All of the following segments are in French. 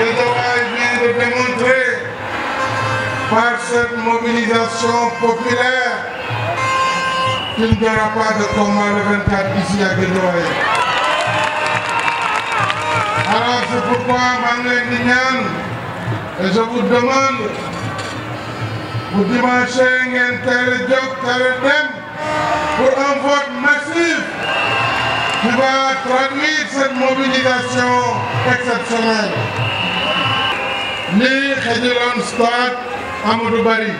Le travail vient de démontrer par cette mobilisation populaire qu'il n'y aura pas de combat le 24 ici à Alors c'est pourquoi Manuel Nignan, et je vous demande, vous dimanchez un tel thème, pour un vote massif qui va traduire cette mobilisation exceptionnelle. lii xajaloon stade Amadou Barry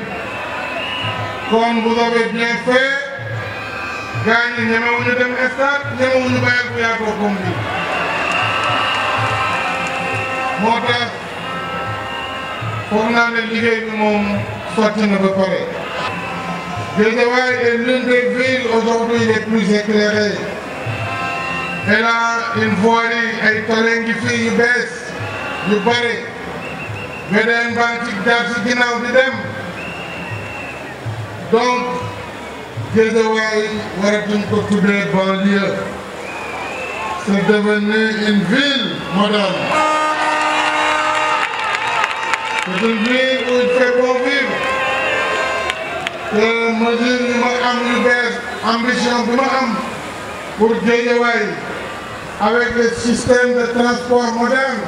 kon vous avez bien fait gars yi ñemewuñu dem stade ñemewuñu bàyyi ko yaatoo comme bi moo tax foog naa ne liggéey bi moom sotti na ba pare. Guédiawaye est l'une des villes aujourd'hui les plus éclairées elle a une voirie ay tali ngi fi yu bees yu bare. beneen banque ci daal ci ginnaaw di dem donc Guédiawaye waratuñ ko tuddee banlieue c'est devenu une ville moderne c'est une ville où il fait bon vivre te mesure yi ma am yu bees ambition bi ma am pour Guédiawaye avec le système de transport moderne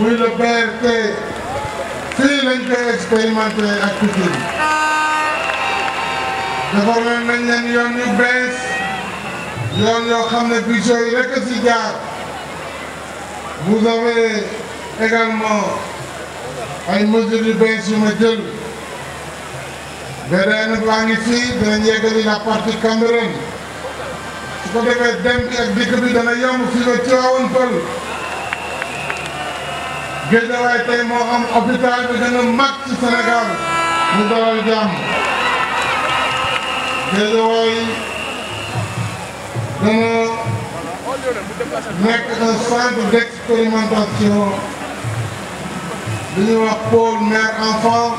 muy le BRT fii lañ koy expérimenté ak Pikine defar nañ leen yoon yu bees yoon yoo xam ne pigeon yi rek ci jaar vous avez également ay mesures yu bees yu ma jël beneen baa ngi fii danañ yeggali la partie Cambérène su ko defee dem bi ak dikk bi dana yomb fii ba Tivaouane Géejawaay tey moo am hôpital bi gën a mag ci Sénégal ñu dalal jàmm Géejawaay dana nekk un centre d'expérimentation bi ñuy wax pôle mère enfant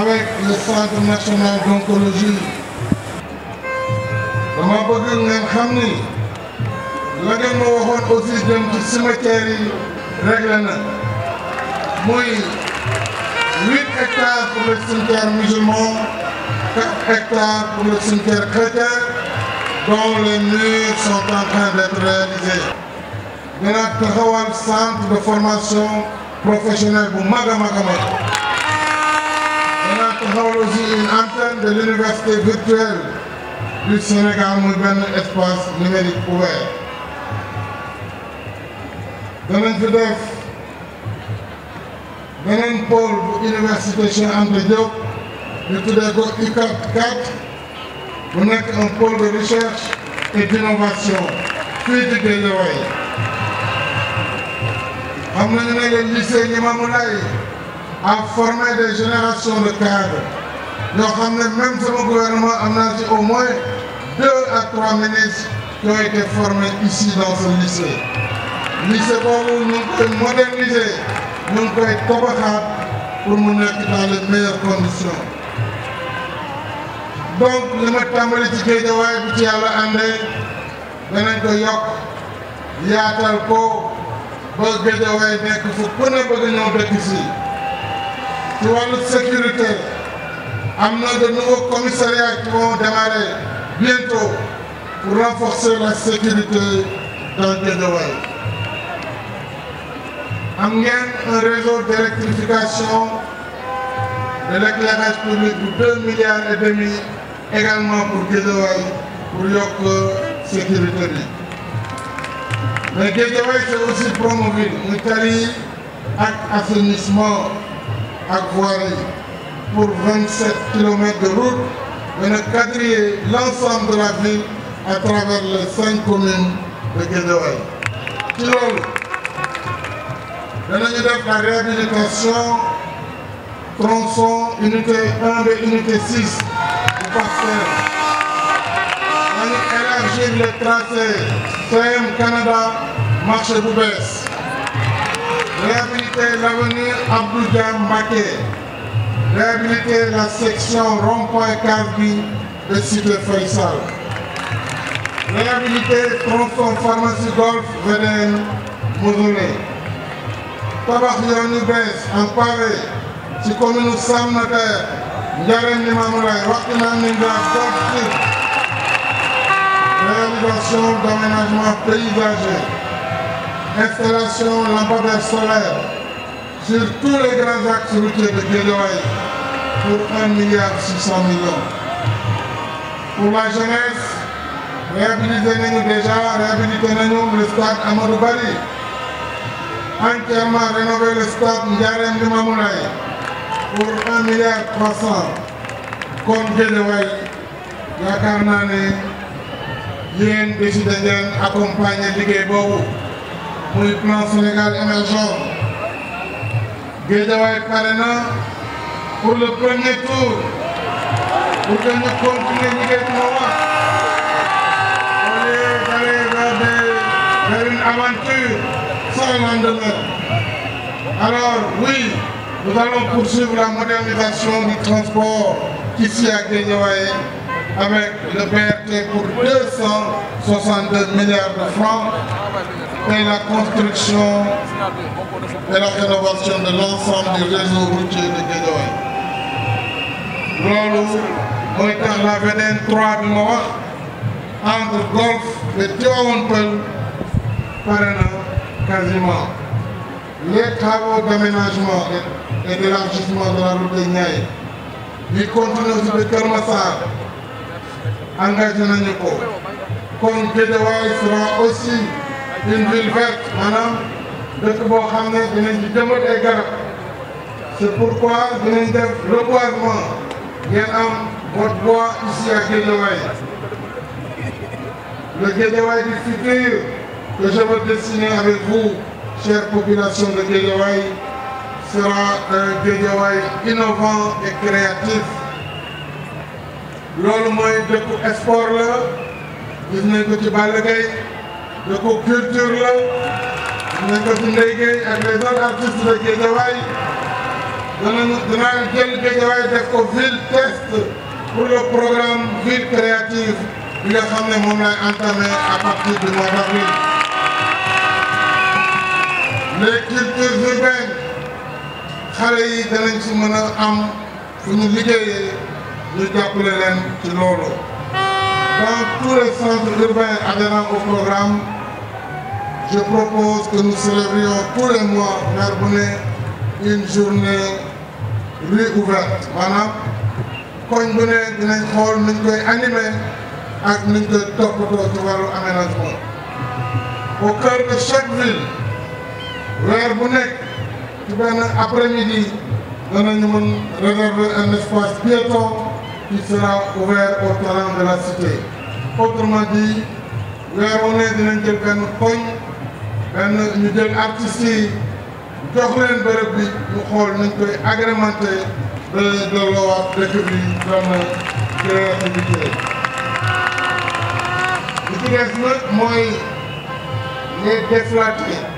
avec le centre national d'oncologie dama bëgg ngeen xam ni la ngeen ma waxoon aussi jëm ci cimetière yi Règle na 8 hectares pour le cimetière musulman 4 hectares pour le cimetière chrétien dont les murs sont en train d'être réalisés avons un centre de formation professionnelle pour Magamagama. Nous avons aussi une antenne de l'université virtuelle du Sénégal un espace numérique ouvert je le def beneen pôle de l'université Cheikh Anta Diop ñu tuddee ko 4 bu nekk un pôle de recherche et d'innovation puis de de Nous nañu le lycée Limamoulaye a formé des générations de cadres Nous xam même même sama gouvernement on a au moins deux à trois ministres qui ont été formés ici dans ce lycée nous boobu ñu nous koy moderniser être pour nous mettre dans les meilleures conditions donc le matin tàmbali ci géejawaay qui a yàlla àndee danañ il y a ko ba géejawaay nekk que ku ne bëgg ñëw ici. si ci sécurité amener de nouveaux commissariats qui vont démarrer bientôt pour renforcer la sécurité dans le Guédiawaye en un réseau d'électrification de l'éclairage public de 2 milliards et demi également pour Guédouaï, pour Yoko sécurité mais Guédiawaye c'est aussi promouvoir une tali assainissement à pour 27 km de route et quadriller l'ensemble de la ville à travers les cinq communes de Guédouaï la réhabilitation tronçon unité 1 et unité 6 du Pasteur dañu élargir tracé, tracés CM Canada marché Boubès. Réhabilité réhabiliter en plus d'un Réhabilité réhabiliter la section rond-point Carbi de Cité faïssal réhabiliter tronçon pharmacie Golf VDN Mausolée tabax yoon Nubès, bees Paris, ci commune nous sommes Ndiarème Limamoulaye waxtu naan ni de toog ci réalisation d'aménagement paysager installation lampadaires solaires, sur tous les grands axes routiers de Guédiawaye pour 1,6 milliard six millions pour la jeunesse réhabiliter nous déjà réhabilitez nañu le stade à Bari entièrement rénover le stade de Mamouraï, pour 1,3 milliard trois comme Guédiawaye yaakaar naa ne yéen décidé accompagné accompagner liggéey pour le plan Sénégal émergent Guédiawaye pare pour le premier tour pour que nous continuions liggéey vers une aventure. Alors oui, nous allons poursuivre la modernisation du transport ici à Guéniawaye avec le BRT pour 262 milliards de francs et la construction et la rénovation de l'ensemble du réseau routier de Guédiawaye. loolu la 3 de entre Golf et par quasiment les travaux d'aménagement et, d'élargissement de la route des Niaï les continuer de le massacre, engagés engagé nañu comme sera aussi une ville verte maintenant, de boo xam ne dinañ ci jëmbat c'est pourquoi il y a bien votre bois ici à Guédiawaye le Guédiawaye du que je veux dessiner avec vous, chère population de Guédiawaï, sera un Guédiawaï innovant et créatif. loolu de de sport la gis de ko ci culture la gis nañ ko ci les autres artistes de Guédiawaye danañ dinaa jël de ko ville test pour le programme ville créative Nous y a un moment entamé à partir du mois d'avril les cultures urbaines xale yi danañ mën a am fu ñu liggéeyee ñu jàppale ci loolu dans tous les centres urbains adhérents au programme je propose que nous célébrions tous les mois weer bu ne une journée rue ouverte koñ bu ne dinañ xool nuñ koy ak nuñ koy toppatoo ci wàllu aménagement au cœur de chaque ville weer bu nekk ci benn après midi danañu mën réserver un espace piéton qui sera ouvert au talent de la cité autrement dit weer wu ne dinañ jël benn koñ benn ñu jël artistes yi jox leen bërëb bi ñu xool nañ koy agrémenté ba delloowaat dëkk bi dana créativité li ci des nag mooy les déflatés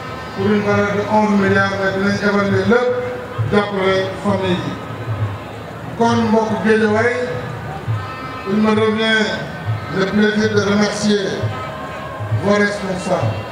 pour une valeur de 11 milliards de dinañ évaluer d'après la famille yi kon de il me revient le plaisir de remercier vos responsables